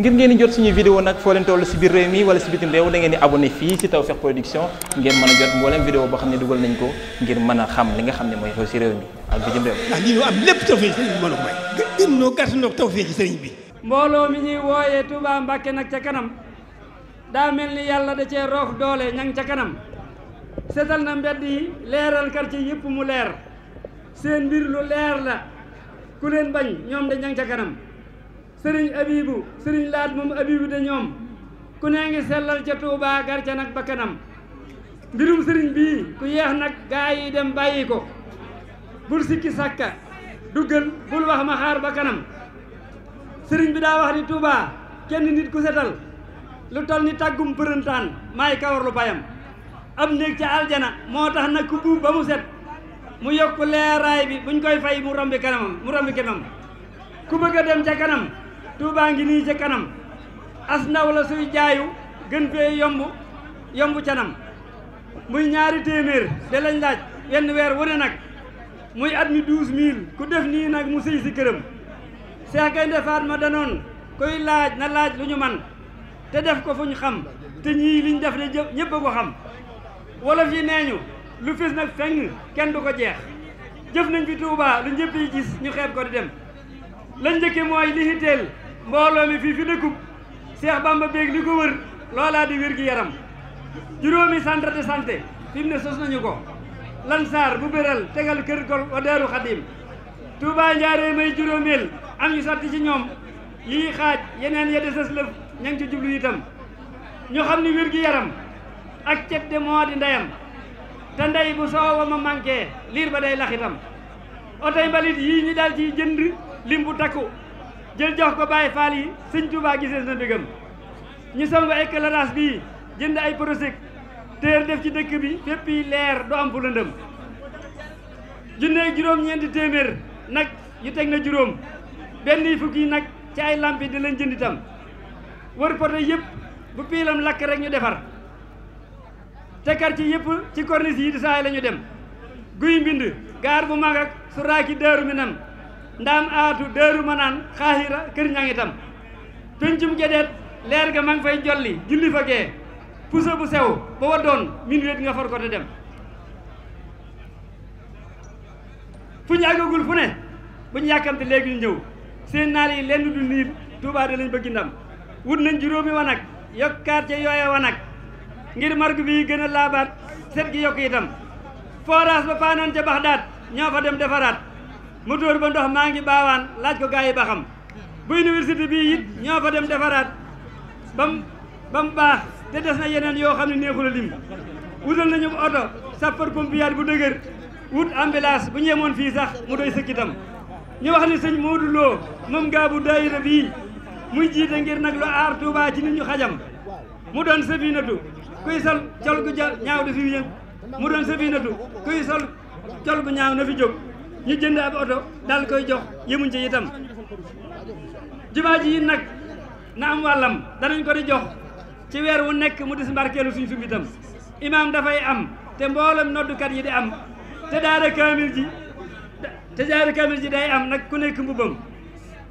ngir ngeen jot suñu vidéo nag foo leen toll si biir réew mi wala si bitim réew da ngeen di abonné fii si Tawfekh Production ngeen mën a jot mboolem vidéo boo xam ne dugal nañ ko ngir mën a xam li nga xam ne mooy xew si réew mi ak bitim réew. ndax lii ñu am lépp Tawfekh sëriñ bi mën a may. gën noo bi. mbooloo mi ñuy wooye Touba Mbacké nag ca kanam daa mel ni yàlla da cee roof doole ña ca kanam setal na mbedd yi leeral quartier yëpp mu leer seen mbir lu leer la ku leen ñoom da ña ca kanam sëriñ abibu sëriñ laat moom abibu de ñoom ku nee ngi sellal ca Touba gar ca nag ba kanam mbirum sëriñ bii ku yeex nag gaa dem bàyyi ko bul sikki sàkka duggal bul wax ma xaar ba kanam sëriñ bi daa wax ni Touba kenn nit ku setal lu tol ni tàggum përëntaan maay kawarlu bayam am néeg ca aljana moo tax nag ku buub ba mu set mu yokk leeraay bi buñ koy fay mu rombi kanamam mu rombi kanam ku bëgg dem ca kanam Touba ngi nii ca kanam as ndaw la suy jaayu gën fee yomb yomb canam muy ñaari téeméer da lañ laaj wenn weer wu ne nag muy at mi douze mille ku def nii nag mu sëy si këram Seex Gaynde Fatma danoon koy laaj na laaj lu ñu man te def ko fu ñu xam te ñii liñ def de ñëpp a ko xam wolof yi nee lu fis nag feng kenn du ko jeex jëf nañ fi Touba lu ñëpp gis ñu xeeb ko di dem lañ njëkke mooy li hitteel mbooloo mi fii fi dëkkub Seex Bamba beeg li ko wër loolaa di wér gi yaram juróomi centre de santé fi mu ne sos nañu ko Lansar bu Béral tegal kër gol wa Daaru Xadim Touba Ndiaré may juróomeel am ñu sotti ci ñoom yii xaaj yeneen ya desas lëf ña ngi ci jublu ñu xam ni wér gi yaram ak cet de moo di ndeyam te ndey bu soowa ma manqué liir ba day laxitam otoy mbalit yii ñu daal ciy jënd lim bu takku jël jox ko Baye Fall yi sëñ Touba gisees na dëggam ñu sangu ay éclairage bii jënd ay prosek téer def ci dëkk bi fépp yi leer du am fu lëndëm juróom-ñeenti téeméer nag yu teg na juróom benn yi fukki nag ci ay lampi di leen jënd itam wër poto yëpp bu piilam lakk rek ñu defar te quartier yëpp ci corniche yi di saay la dem guy mbind gaar bu mag ak su raaki daaru mi ndaam aatu dëru ma naan xaaxira kër ñang itam pencum gedeet leer ga ma ngi fay jolli julli fa gee puso bu sew ba waddoon min wéet nga far ko te dem fu ñu àggagul fu ne bu ñu yàkkamte léegi ñu ñëw seen naal yi lenn du niir Tuubaa de lañ bëgg ndam wut nañ juróomi wanag yokk quartier yooya wanag ngir margu bi gën a laabaat set gi yokk itam forage ba paanoon ca Baxdaad ñoo fa dem defaraat mu ba ndox maa ngi baawaan laaj ko gars yi ba xam bu université bii it ñoo fa dem defaraat bam ba mu te des na yeneen yoo xam ne neexul a lim wutal nañu oto sapeur pompier bu dëgër wut ambulance bu ñeemoon fii sax mu doy sëkkitam ñu wax ne sëñ Modou Lo moom gaa bu daayira bii muy jiite ngir nag lu aar Touba ci nit ñu xajam mu doon safinatu kuy sol col ja ñaaw da fi yëng mu doon safinatu kuy sol col ñaaw na fi jóg ñu jënd ab oto daal koy jox yemuñ ci itam jumaa ji yi nag na am wàllam danañ ko di jox ci weer wu nekk mu disembarkeelu suñ sumb itam imaam dafay am te mboolem noddukat yi de am te daara kaamil ji te daara kaamil ji am nag ku nekk mbubbam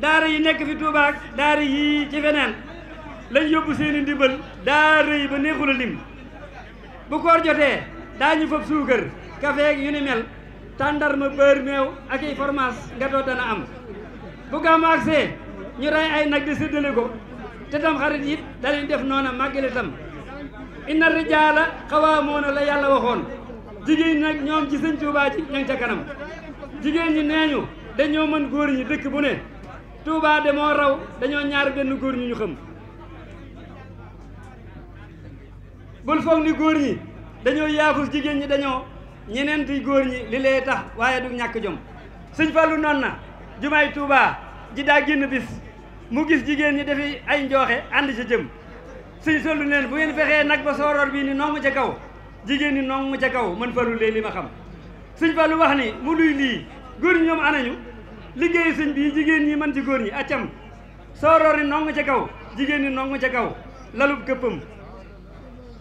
daara yi nekk fi Tuubaa ak daara yii ci feneen lañ yóbbu seeni ndimbal daara yi ba neexul bu koor jotee daañu fab suukar kafee yu ni mel tàndarma beurre meew ak i fromage nga doo dana am bu gàmmu agsee ñu rey ay nag di séddale ko te tam xarit it da def noona màggal itam inna rijaala xawaamoona la yàlla waxoon jigéen ñi nag ñoom ci sëñ Tuubaa ji ca kanam jigéen ñi nee ñu dañoo mën góor ñi dëkk bu ne Tuubaa de moo raw dañoo ñaar benn góor ñi ñu xam bul foog ni góor ñi dañoo yaafus jigéen ñi dañoo ñeneenti góor ñi li lee tax waaye du ñàkk jom sëñ Fallou noon na jumaay Touba ji daa génn bis mu gis jigéen ñi dafi ay njooxe ànd ca jëm sëñ solu neen bu ngeen fexee nag ba sooroor bii ni noomu ca kaw jigéen ñi noomu ca kaw man Fallou lee li ma xam sëñ Fallou wax ni mu luy lii góor ñi ñoom anañu liggéeyu sëñ bii jigéen ñi mën ci góor ñi accam sooroor ni noomu ca kaw jigéen ñi noomu ca kaw lalub këppam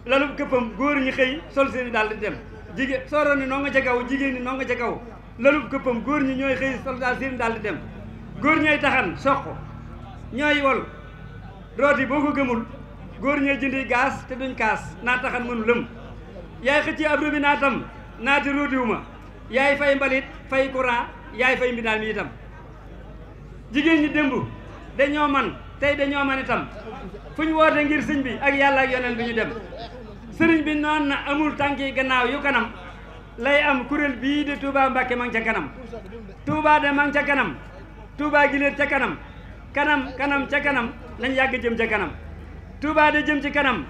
lalub këppam góor ñi xëy sol seen i daal di dem jigéen sooroon ni noo nga ca kaw jigéen ñi noo nga ca kaw lanub këppam góor ñi ñooy xëy soldaal siin daal di dem góor ñooy taxan soq ñooy wol rooti boo ko gëmul góor ñooy jëndi gaas te duñ kaas naa taxan mënu lëm yaay xëcc ab robi naa tam naati róotiwu ma yaay fay mbalit fay courant yaay fay mbindaan mi itam jigéen ñi démb dañoo man tey dañoo man itam fu ñu woote ngir sëñ bi ak yàlla ak yonent bi ñu dem sëriñ bi noon na amul tànk yi gannaaw yu kanam lay am kuréel bii de Touba Mbacke ma ca kanam Touba de ma ca kanam Touba Gileer ca kanam kanam kanam ca kanam lañ yàgg jëm ca kanam Touba de jëm ci kanam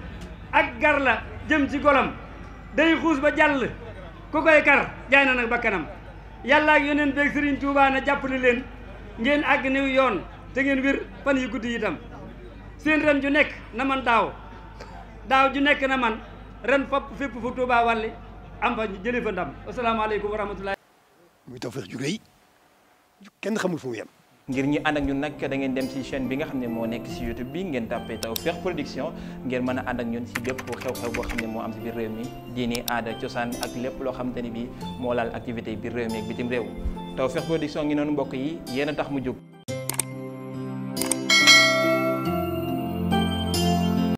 ak gar la jëm ci golam day xuus ba jàll ku koy kar jaay na nag ba kanam yàlla ak yeneen beeg sëriñ Touba na jàppale leen ngeen àgg niw yoon te ngeen wér fan yi guddi itam seen ren ju nekk na man daaw daaw ju nekk na man ren fap fépp fu Touba wàlli am fa jëlee fa ndam asalaamaaleykum wa rahmatulah. muy Tawfekh ju kenn xamul fu mu yem. ngir ñu ànd ak ñun nag da ngeen dem ci chaîne bi nga xam ne moo nekk ci YouTube bi ngeen tàppee Tawfekh Production ngeen mën a ànd ak ñun ci bépp xew-xew boo xam ne moo am ci biir réew mi diini aada cosaan ak lépp loo xamante ni bi moo laal activité biir réew mi ak bitim réew Tawfekh Production ngi noonu mbokk yi yéen a tax mu jóg.